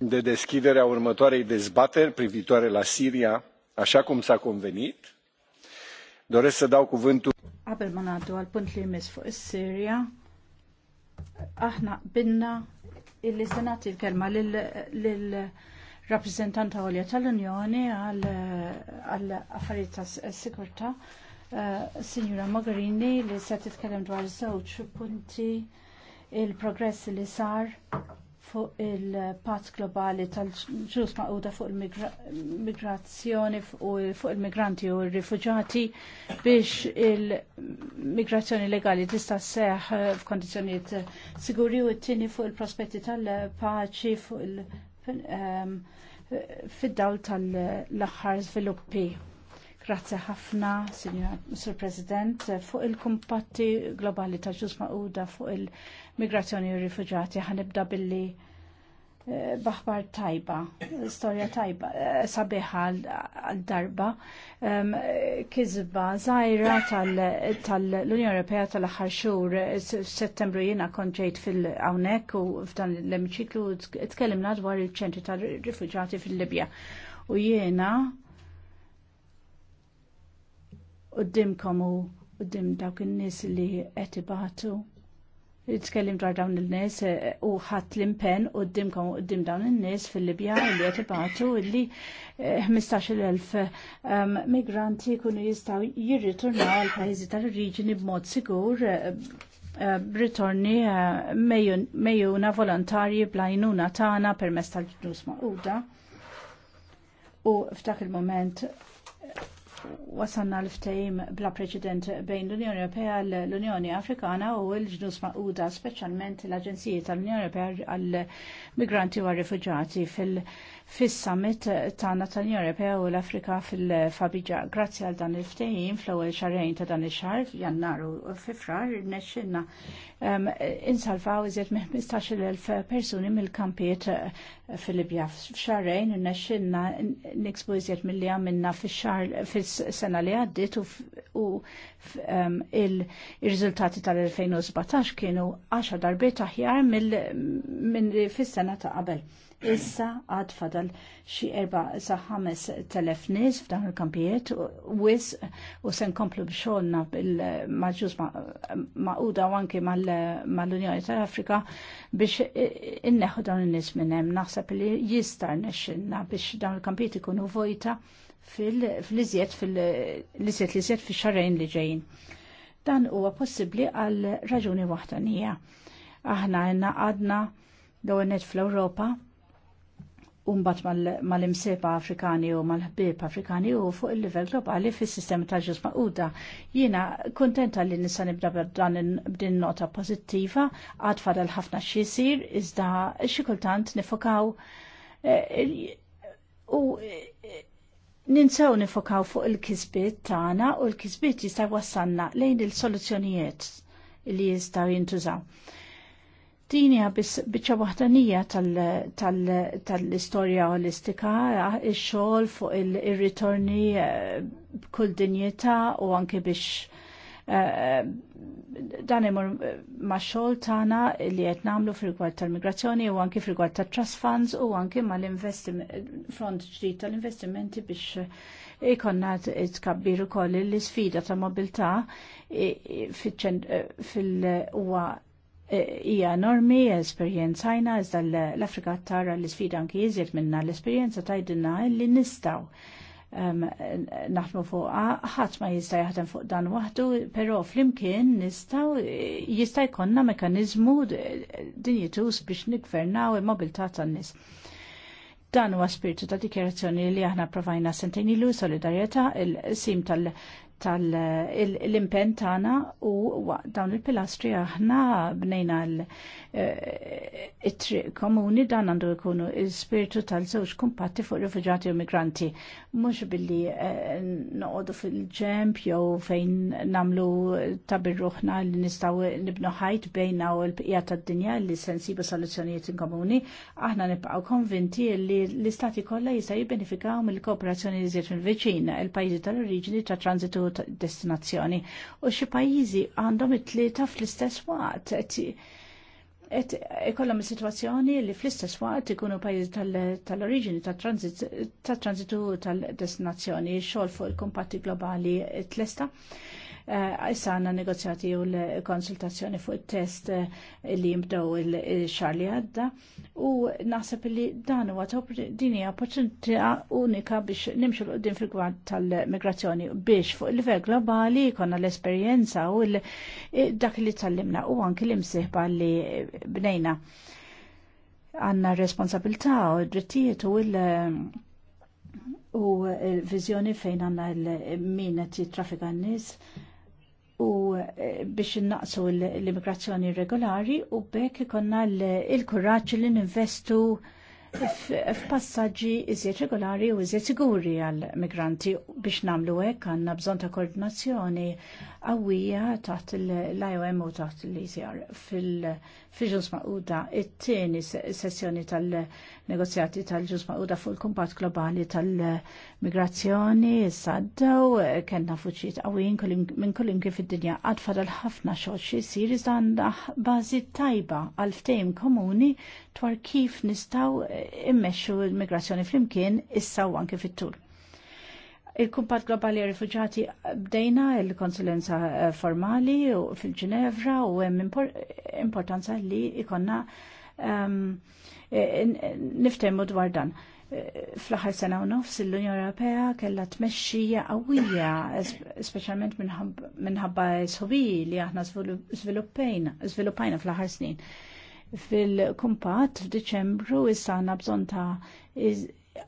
de deschidere a următoarei dezbateri privitoare la Siria, așa cum s-a convenit. Doresc să dau cuvântul. Qabel ma ngħaddu għal punt li jmiss fuq is-Sirja, aħna qbilna illi se nagħti l-kelma lil rappreżentanta għolja tal-Unjoni għal affarijiet tas-sigurtà eh, Sinjura Mogherini li se titkellem dwar żewġ punti il-progress li sar fuq il-pat globali tal-ġus maquda fuq il-migrazzjoni fuq il-migranti u il-rifugjati biex il-migrazzjoni legali tista' seħ f'kondizjonijiet siguri u t-tini fuq il-prospetti tal-paċi fuq il- ehm, fid-dawl tal-aħħar sviluppi Grazie ħafna, Sir President, fuq il-kumpatti globali ta' ġus uda fuq il-migrazzjoni u rifugjati ħanibda billi eh, baħbar tajba, storja tajba, eh, sabiħa għal-darba, kizba zaħira tal-Unjon Ewropea tal-axar xur, settembru jena konġejt fil-għawnek u f'dan l t tkellimna dwar il-ċentri tal-rifugġati fil-Libja. U jena, qudiemkom u qudiem dawk in-nies li qed ibatu. Itkellim dwar dawn il-nies e, u ħadd l-impenn qudiemkom u qudiem dawn in-nies fil-Libja li qed ibatu li 15,000 e, migranti kunu jistgħu jirriturnaw għal pajjiżi tal-oriġini b'mod sigur b'ritorni e, ritorni uh, volontarji blajnuna tana permess tal-ġnus maquda. U f'dak il-moment wasanna l ftajim bla preċedent bejn l-Unjoni Ewropea l-Unjoni Afrikana u l-ġnus maquda, speċjalment l-Aġenziji tal-Unjoni Ewropea għall-Migranti u għal-Rifuġati fil- fis-summit eh, ta' Nazzjoni ewropea u l-Afrika fil-Fabiġa. Grazzi għal dan il-ftehim fl-ewwel xarrejn ta' dan ix-xahar f'Jannar u fifrar irnexxinna ehm, insalvaw iżjed minn 15,000 persuni mill-kampijiet eh, fil-Libja. F'xarrejn irnexxinna niksbu iżjed milli għamilna fix-xahar fis-sena li għaddiet u ehm, il-riżultati tal-2017 kienu 10 darbiet aħjar mill-fis-sena ta' qabel. Issa għad fadal għal xi erba' sa ħames telef nies f'dan il-kampijiet wis u se nkomplu b'xogħolna bil-maġus maquda u anke mal-Unjoni tal-Afrika biex inneħħu dawn in-nies minn hemm. Naħseb li jista' nexxinna biex dawn il-kampijiet ikunu vojta fil-iżjed fil-iżjed l-iżjed fix-xarrejn li ġejjin. Dan huwa possibbli għal raġuni waħda nija. Aħna għadna l-għonet fl-Europa umbat mal-imseba Afrikani u mal-ħbib Afrikani u fuq il-level globali fis sistema ta' ġus maquda. Jina kontenta li nisa nibda b'din nota pozittiva, għad fadal ħafna xisir, iżda xikultant nifokaw eh, u eh, ninsew nifokaw fuq il-kizbit tagħna u l-kizbit jista' wassanna lejn il-soluzzjonijiet li jistaw jintużaw. Dini għabis bieċa wahdanija tal-istoria holistika, il-xol fuq il-ritorni eh, kull dinjeta u anke biex eh, dan imur ma xol tana li qed namlu fil tal-migrazzjoni u anke fil-gwad tal-trust funds u anke ma l-front ġdid tal-investimenti biex ikonna tkabbiru koll l-sfida ta' mobilta eh, fil-huwa hija normi, esperjenzajna, iżda l-Afrika tara l-isfida anki iżjed minna l-esperjenza tajdinna li nistaw naħmu naħdmu fuqa, ħadd ma jista' jaħdem fuq dan waħdu, però flimkien nistgħu jista' jkollna mekanizmu dinjitus biex nikvernaw il-mobilità tan-nies. Dan huwa spiritu ta' dikjerazzjoni li aħna provajna sentejn ilu solidarjetà il-sim tal- tal-impen tagħna u dawn il-pilastri aħna bnejna l-triq eh, komuni dan għandu jkunu il-spiritu tal-żewġ kumpatti fuq rifugjati u migranti. Mhux billi eh, noqogħdu fil-ġemp jew fejn namlu tabirruħna li nistgħu nibnu ħajt bejna u l pijat tad-dinja li sensibu nsibu soluzzjonijiet komuni, aħna nibqgħu konvinti li l-istati kollha jista' jibbenifikaw mill-kooperazzjoni li mill-viċin, il-pajjiżi tal-oriġini ta' transitu u destinazzjoni. U xi pajjiżi għandhom it-tlieta fl-istess waqt et ikollhom is-sitwazzjoni li fl-istess waqt ikunu pajjiżi tal-oriġini tat-transitu tal-destinazzjoni xogħol fuq il-kumpatti globali tlesta Eh, issa għanna negozjati u l-konsultazzjoni fuq il-test eh, li jimdow il-xar li għadda u naħseb li dan huwa dini opportunità unika biex nimxu l-qoddim fil gwad tal-migrazzjoni biex fuq il-livell globali konna l-esperjenza u dak li tal-limna u anki l msiħba li bnejna għanna responsabilta u drittijiet u il- u vizjoni fejn għanna l-min qed jitrafika n-nies u eh, biex innaqsu l-immigrazzjoni regolari u bekk ikonna l kurraċ li ninvestu f'passaġġi iżjed regolari u iżjed siguri għal migranti biex nagħmlu hekk għandna bżonn ta' koordinazzjoni għawija taħt l-IOM u taħt l ecr fil-ġus maquda it-tieni sessjoni tal-negozjati tal-ġus maquda fuq il-kumpat globali tal-migrazzjoni s-saddaw kena fuċiet għawijin minn kullim kif id-dinja għadfa dal-ħafna xoċi sir iżda bazi tajba għal-ftejm komuni dwar kif nistaw immexxu l-migrazzjoni fl-imkien issa u anke fit-tul. Il-Kumpat Globali Rifuġati bdejna il-konsulenza eh, formali u fil-Ġinevra u hemm importanza li ikonna um, niftemu dwar dan. Eh, fl-aħħar sena u nofs l-Unjoni Ewropea kellha tmexxija qawwija, speċjalment minħabba sħubi li aħna żviluppajna fl-aħħar snin. Fil-kumpat f'Diċembru issa għandna bżonn ta'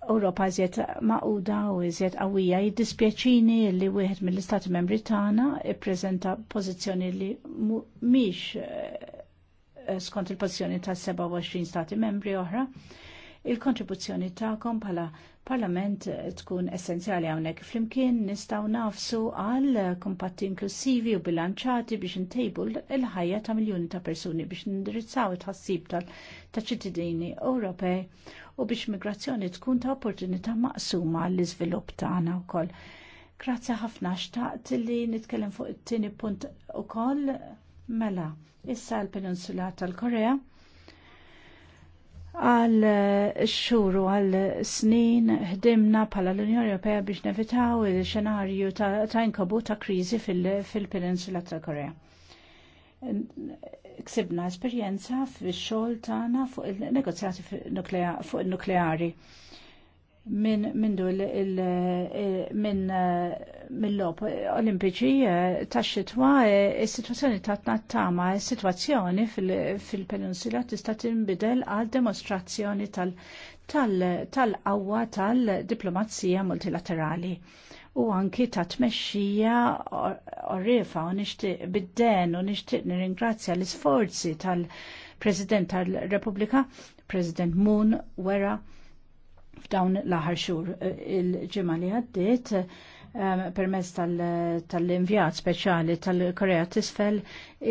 Ewropa iżjed maquda u iżjed qawwija jiddispjaċini li wieħed mill-Istati Membri tagħna ippreżenta pożizzjoni li mhix eh, skont il-pożizzjoni ta' 27 Stati Membri oħra il-kontribuzzjoni tagħkom bħala parlament eh, tkun essenzjali hawnhekk flimkien nistgħu nafsu għal kompatti inklusivi u bilanċati biex intejbu l-ħajja ta' miljuni ta' persuni biex nindirizzaw it-ħassib ta' ċittadini Ewropej u biex migrazzjoni tkun ta' opportunità maqsuma għall iżvilupp tagħna wkoll. Grazzi ħafna xtaqt li nitkellem fuq it-tieni punt ukoll mela issa l-Peninsula tal-Korea għal eh, u għal snin ħdimna bħala l-Unjoni Ewropea biex nevitaw il-xenarju ta' inkobu ta' kriżi fil-peninsula ta' Korea. Ksibna esperjenza fix xogħol tagħna fuq il-negozjati fuq il-nukleari. il negozjati fuq il nukleari minn min minn l lob olimpiċi eh, ta' xitwa eh, is-sitwazzjoni ta' tnattama, is-sitwazzjoni fil-peninsula tista' tinbidel għal demonstrazzjoni tal-qawwa tal-diplomazija multilaterali u anki ta' tmexxija orrifa u nixtieq bid-den u nixtieq nirringrazzja l-isforzi tal-President tal-Repubblika, President Moon, wera f'dawn l-aħar xhur eh, il-ġimgħa li għaddiet eh, permezz tal-invjat speċjali tal-Korea tisfel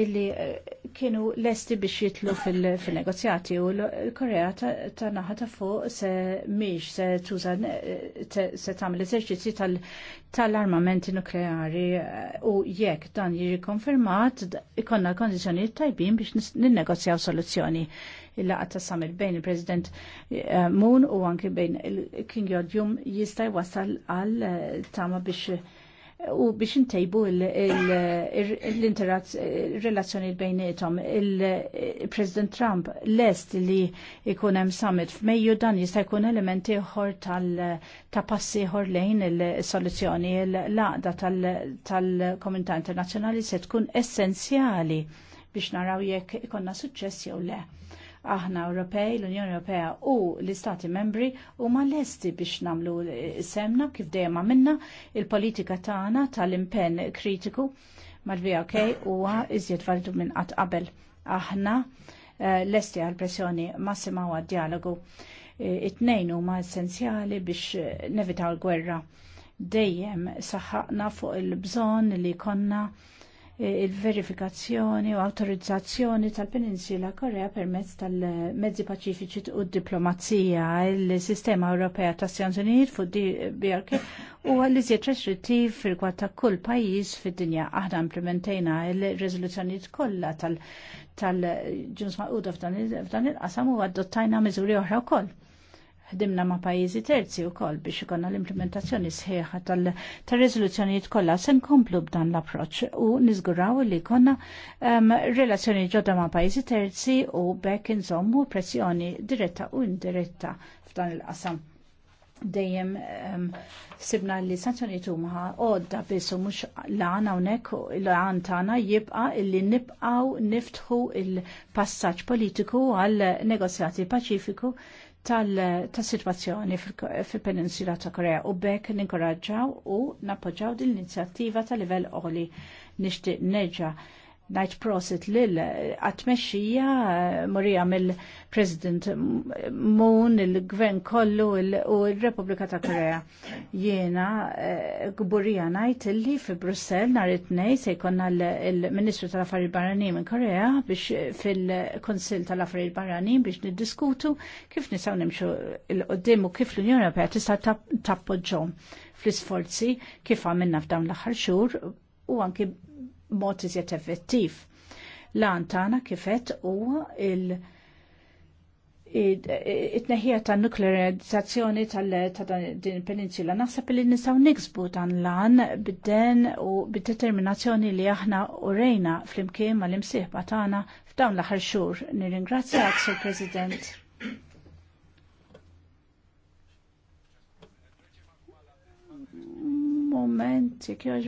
illi eh, kienu lesti biex jitlu fil-negozjati u l-Korea ta' naħa ta' fuq se miex se tuża se tagħmel eżerċizzi tal-armamenti nukleari u jekk dan jiġi konfermat ikonna kondizjoni tajbin biex ninnegozjaw soluzzjoni il-laqa ta' summit bejn il-President eh, Moon u anki bejn il-King Jodjum jista' jwassal għal eh, tama biex eh, u biex intejbu l-relazzjoni bejn itom. Il-President Trump lest li jkun hemm summit f'Mejju dan jista' jkun elementi ieħor ta' passi ieħor lejn il-soluzzjoni l-laqda tal-Komunità Internazzjonali se tkun essenzjali biex naraw jekk ikonna suċċess jew le aħna Ewropej, l-Unjoni Ewropea u l-Istati Membri u ma lesti biex namlu eh, semna kif dejjem minna il-politika tagħna tal-impenn kritiku mal-VOK huwa iżjed valdu minn qatt qabel. Aħna eh, lesti għal pressjoni massima u għad-dialogu. Eh, it-tnejn huma essenzjali biex nevitaw l-gwerra. Dejjem saħħaqna fuq il-bżonn li konna il-verifikazzjoni u autorizzazzjoni tal-Peninsula Korea permezz tal-mezzi paċifiċi u d-diplomazija il-Sistema Ewropea ta' Unijiet fuq DBRK u għal iżjed restrittiv fil ta' kull pajjiż fid-dinja. Aħna implementejna il-rezoluzzjonijiet kollha tal-ġunsma u f'dan il-qasam u adottajna miżuri oħra wkoll ħdimna ma' pajjiżi terzi wkoll biex ikonna l-implementazzjoni sħiħa tal-riżoluzzjonijiet kollha se nkomplu b'dan l-approċċ u niżguraw li jkollna um, relazzjoni ġodda ma' pajjiżi terzi u bekk inżommu pressjoni diretta u indiretta f'dan il-qasam dejjem um, sibna li sanzjoni huma għodda biss u mhux lan hawnhekk l-għan tagħna jibqa' illi nibqgħu niftħu il-passaġġ politiku għal negozjati paċifiku tal-situazzjoni fil-peninsula ta' Korea u bekk ninkoraġġaw u nappoġġaw din l-inizjattiva tal livell oli nixtieq neġa' najt prosit lil għatmexija eh, morija mill-President Moon, il-Gvern kollu u il-Repubblika ta' Korea. Jiena eh, gburija najt li fi Brussel nhar it se jkollna l-Ministru tal affari Barranin minn Korea biex eh, fil-Konsil tal-Affarijiet Barranin biex niddiskutu kif nisaw nimxu il-qoddim u kif l-Unjoni Europea tista' tappoġġhom fl-isforzi kif għamilna f'dawn l-aħħar xhur u anki mod iżjed effettiv. Lan tagħna kifet huwa il- it-neħija ta' nuklearizzazzjoni ta' din peninsula naħseb li nisaw niksbu dan lan bidden u bid-determinazzjoni li aħna u rejna fl-imkien ma' l tagħna f'dawn l-aħħar xhur. Nirringrazzjak, Sur President. Moment, jekk